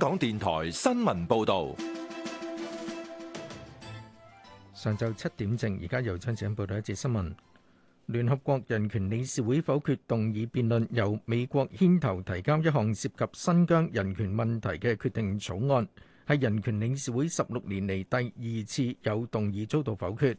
港電台新聞報道：上晝七點正，而家由張子欣報道一節新聞。聯合國人權理事會否決動議辯論，由美國牽頭提交一項涉及新疆人權問題嘅決定草案，係人權理事會十六年嚟第二次有動議遭到否決。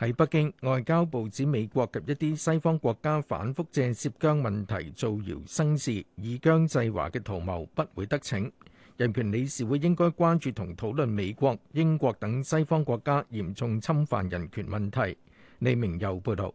喺北京，外交部指美國及一啲西方國家反復借涉疆問題造謠生事、以疆制華嘅圖謀不會得逞。人權理事會應該關注同討論美國、英國等西方國家嚴重侵犯人權問題。李明又報道，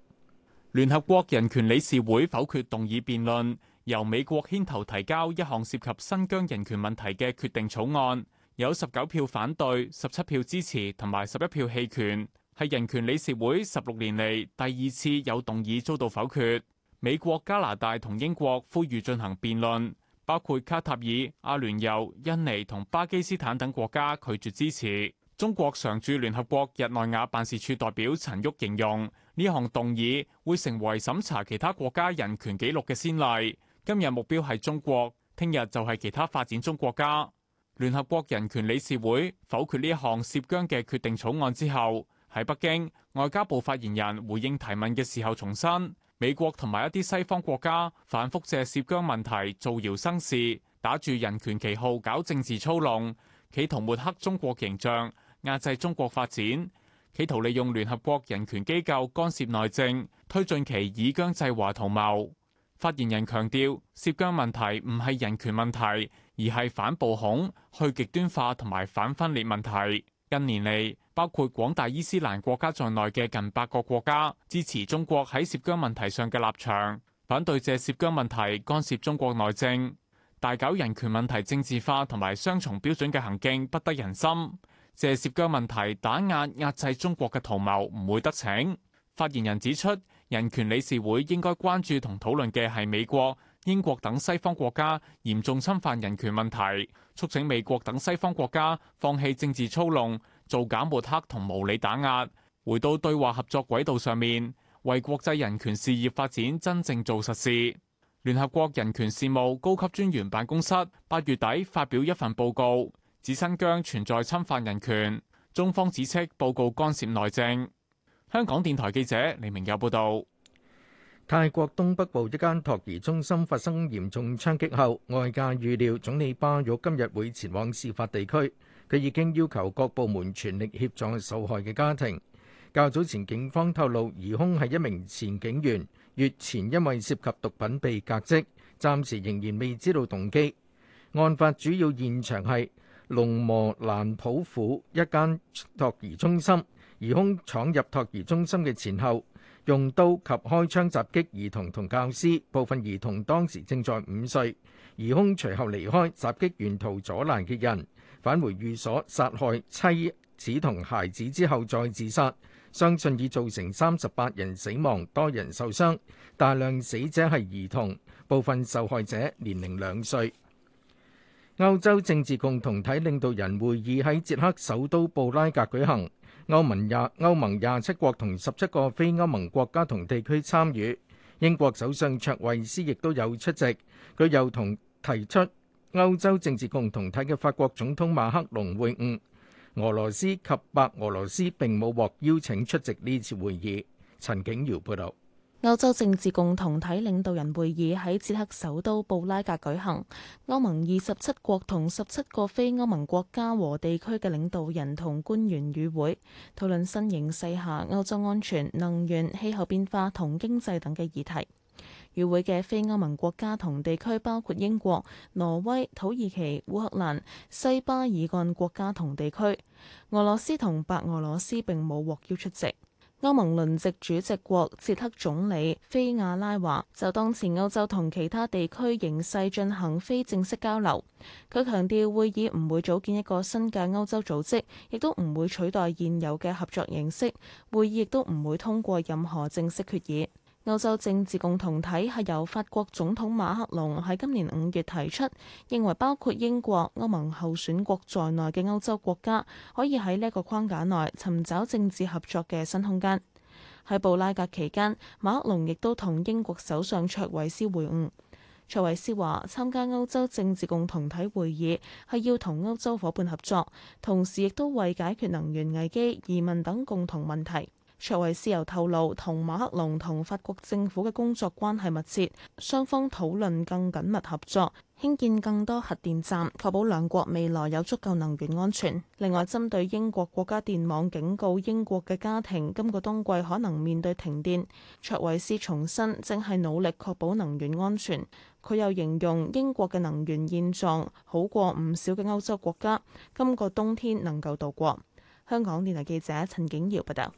聯合國人權理事會否決動議辯論，由美國牽頭提交一項涉及新疆人權問題嘅決定草案，有十九票反對、十七票支持同埋十一票棄權，係人權理事會十六年嚟第二次有動議遭到否決。美國、加拿大同英國呼籲進行辯論。包括卡塔爾、阿聯酋、印尼同巴基斯坦等國家拒絕支持。中國常駐聯合國日內瓦辦事處代表陳旭形容，呢項動議會成為審查其他國家人權紀錄嘅先例。今日目標係中國，聽日就係其他發展中國家。聯合國人權理事會否決呢一項涉疆嘅決定草案之後，喺北京外交部發言人回應提問嘅時候重申。美國同埋一啲西方國家反覆借涉疆問題造謠生事，打住人權旗號搞政治操弄，企圖抹黑中國形象，壓制中國發展，企圖利用聯合國人權機構干涉內政，推進其以疆制華圖謀。發言人強調，涉疆問題唔係人權問題，而係反暴恐、去極端化同埋反分裂問題。近年嚟，包括廣大伊斯蘭國家在內嘅近百個國家支持中國喺涉疆問題上嘅立場，反對借涉疆問題干涉中國內政，大搞人權問題政治化同埋雙重標準嘅行徑，不得人心。借涉疆問題打壓壓制中國嘅圖謀唔會得逞。發言人指出，人權理事會應該關注同討論嘅係美國。英國等西方國家嚴重侵犯人權問題，促請美國等西方國家放棄政治操弄、造假抹黑同無理打壓，回到對話合作軌道上面，為國際人權事業發展真正做實事。聯合國人權事務高級專員辦公室八月底發表一份報告，指新疆存在侵犯人權，中方指斥報告干涉內政。香港電台記者李明佑報道。泰國東北部一間托兒中心發生嚴重槍擊後，外界預料總理巴育今日會前往事發地區。佢已經要求各部門全力協助受害嘅家庭。較早前警方透露，疑兇係一名前警員，月前因為涉及毒品被革職，暫時仍然未知道動機。案發主要現場係龍磨蘭普府一間托兒中心，疑兇闖入托兒中心嘅前後。用刀及開槍襲擊兒童同教師，部分兒童當時正在午睡。疑兇隨後離開，襲擊沿途阻攔嘅人，返回寓所殺害妻子同孩子之後再自殺。相信已造成三十八人死亡，多人受傷，大量死者係兒童，部分受害者年齡兩歲。歐洲政治共同體領導人會議喺捷克首都布拉格舉行。歐盟廿歐盟廿七國同十七個非歐盟國家同地區參與，英國首相卓慧思亦都有出席。佢又同提出歐洲政治共同體嘅法國總統馬克龍會晤。俄羅斯及白俄羅斯並冇獲邀請出席呢次會議。陳景堯報道。歐洲政治共同體領導人會議喺捷克首都布拉格舉行，歐盟二十七國同十七個非歐盟國家和地區嘅領導人同官員與會，討論新形勢下歐洲安全、能源、氣候變化同經濟等嘅議題。與會嘅非歐盟國家同地區包括英國、挪威、土耳其、烏克蘭、西巴爾幹國家同地區。俄羅斯同白俄羅斯並冇獲邀出席。歐盟輪值主席國捷克總理菲亞拉話，就當前歐洲同其他地區形勢進行非正式交流。佢強調會議唔會組建一個新嘅歐洲組織，亦都唔會取代現有嘅合作形式。會議亦都唔會通過任何正式決議。歐洲政治共同體係由法國總統馬克龍喺今年五月提出，認為包括英國、歐盟候選國在內嘅歐洲國家可以喺呢個框架內尋找政治合作嘅新空間。喺布拉格期間，馬克龍亦都同英國首相卓維斯會晤。卓維斯話：參加歐洲政治共同體會議係要同歐洲伙伴合作，同時亦都為解決能源危機、移民等共同問題。卓慧思又透露，同馬克龍同法國政府嘅工作關係密切，雙方討論更緊密合作，興建更多核電站，確保兩國未來有足夠能源安全。另外，針對英國國家電網警告英國嘅家庭，今個冬季可能面對停電，卓慧思重申正係努力確保能源安全。佢又形容英國嘅能源現狀好過唔少嘅歐洲國家，今個冬天能夠度過。香港電台記者陳景堯報道。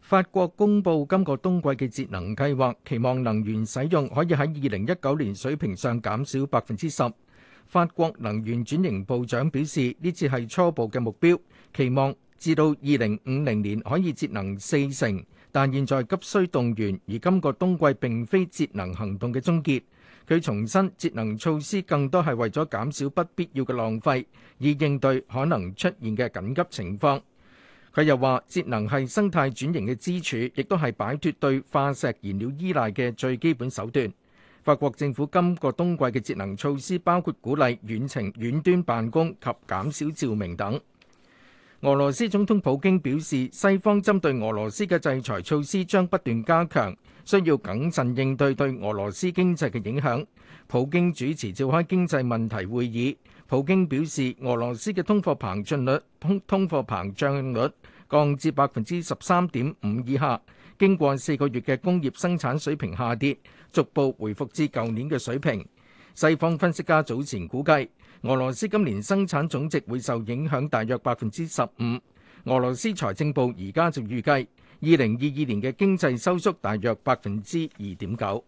法國公布今個冬季嘅節能計劃，期望能源使用可以喺二零一九年水平上減少百分之十。法國能源轉型部長表示，呢次係初步嘅目標，期望至到二零五零年可以節能四成。但現在急需動員，而今個冬季並非節能行動嘅終結。佢重申，節能措施更多係為咗減少不必要嘅浪費，以應對可能出現嘅緊急情況。佢又話：節能係生態轉型嘅支柱，亦都係擺脫對化石燃料依賴嘅最基本手段。法國政府今個冬季嘅節能措施包括鼓勵遠程遠端辦公及減少照明等。俄羅斯總統普京表示，西方針對俄羅斯嘅制裁措施將不斷加強，需要謹慎應對對俄羅斯經濟嘅影響。普京主持召開經濟問題會議。普京表示，俄羅斯嘅通貨膨進率通通貨膨脹率降至百分之十三點五以下。經過四個月嘅工業生產水平下跌，逐步回復至舊年嘅水平。西方分析家早前估計，俄羅斯今年生產總值會受影響大約百分之十五。俄羅斯財政部而家就預計，二零二二年嘅經濟收縮大約百分之二點九。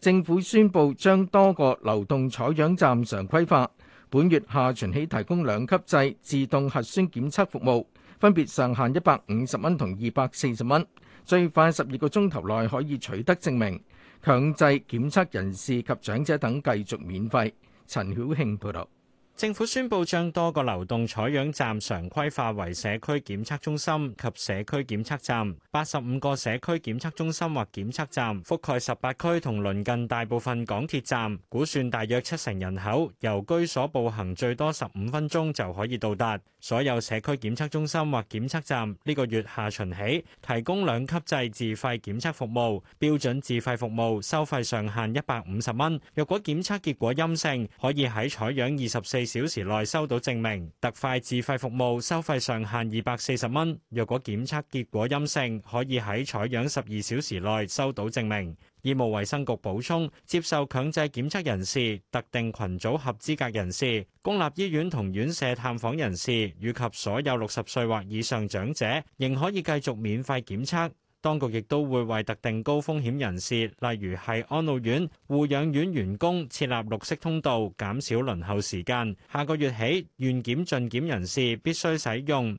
政府宣布將多個流動採樣站常規化。本月下旬起提供兩級制自動核酸檢測服務，分別上限一百五十蚊同二百四十蚊，最快十二個鐘頭內可以取得證明。強制檢測人士及長者等繼續免費。陳曉慶報導。政府宣布將多個流動採樣站常規化為社區檢測中心及社區檢測站，八十五個社區檢測中心或檢測站覆蓋十八區同鄰近大部分港鐵站，估算大約七成人口由居所步行最多十五分鐘就可以到達。所有社區檢測中心或檢測站呢個月下旬起提供兩級制自費檢測服務，標準自費服務收費上限一百五十蚊，若果檢測結果陰性，可以喺採樣二十四小時內收到證明；特快自費服務收費上限二百四十蚊，若果檢測結果陰性，可以喺採樣十二小時內收到證明。醫務衛生局補充，接受強制檢測人士、特定群組合資格人士、公立醫院同院舍探訪人士，以及所有六十歲或以上長者，仍可以繼續免費檢測。當局亦都會為特定高風險人士，例如係安老院、護養院員工，設立綠色通道，減少輪候時間。下個月起，願檢盡檢人士必須使用。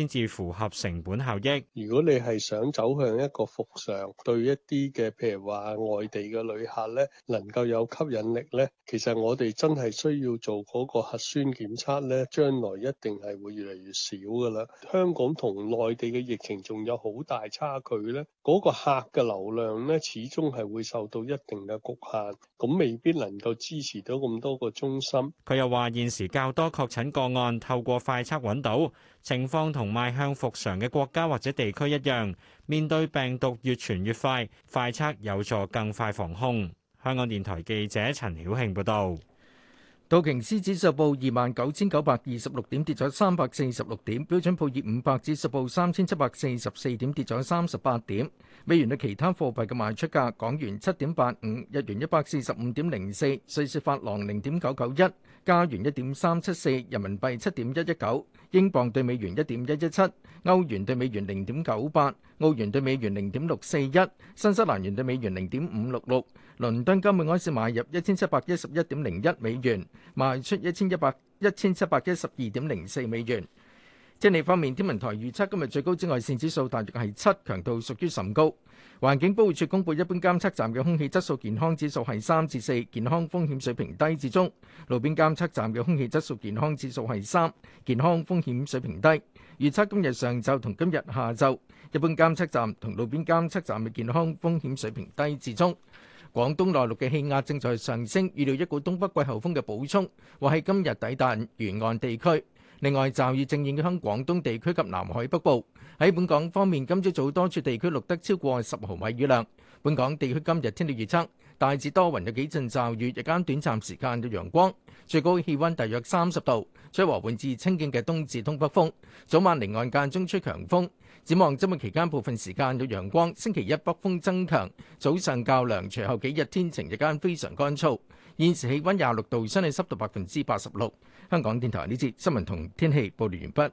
先至符合成本效益。如果你係想走向一個復常，對一啲嘅譬如話外地嘅旅客咧，能夠有吸引力咧，其實我哋真係需要做嗰個核酸檢測咧，將來一定係會越嚟越少噶啦。香港同內地嘅疫情仲有好大差距咧，嗰個客嘅流量咧，始終係會受到一定嘅局限，咁未必能夠支持到咁多個中心。佢又話現時較多確診個案透過快測揾到。情況同邁向復常嘅國家或者地區一樣，面對病毒越傳越快，快測有助更快防控。香港電台記者陳曉慶報道。道瓊斯指數報二萬九千九百二十六點，跌咗三百四十六點；標準普爾五百指數報三千七百四十四點，跌咗三十八點。美元對其他貨幣嘅賣出價：港元七點八五，日元一百四十五點零四，瑞士法郎零點九九一，加元一點三七四，人民幣七點一一九。英鎊對美元一點一一七，歐元對美元零點九八，澳元對美元零點六四一，新西蘭元對美元零點五六六。倫敦金每安士買入一千七百一十一點零一美元，賣出一千一百一千七百一十二點零四美元。天氣方面，天文台預測今日最高紫外線指數大約係七，強度屬於甚高。環境保護署公布一般監測站嘅空氣質素健康指數係三至四，健康風險水平低至中；路邊監測站嘅空氣質素健康指數係三，健康風險水平低。預測今日上晝同今日下晝，一般監測站同路邊監測站嘅健康風險水平低至中。廣東內陸嘅氣壓正在上升，預料一股東北季候風嘅補充或喺今日抵達沿岸地區。另外，驟雨正影響廣東地區及南海北部。喺本港方面，今朝早，早多處地區錄得超過十毫米雨量。本港地區今日天氣預測，大致多雲有幾陣驟雨，日間短暫時間有陽光，最高氣温大約三十度，吹和緩至清勁嘅東至東北風。早晚離岸間中吹強風。展望周末期間部分時間有陽光，星期一北風增強，早上較涼，隨後幾日天晴日間非常乾燥。現時氣温廿六度，空氣濕度百分之八十六。香港電台呢節新聞同天氣報告完畢。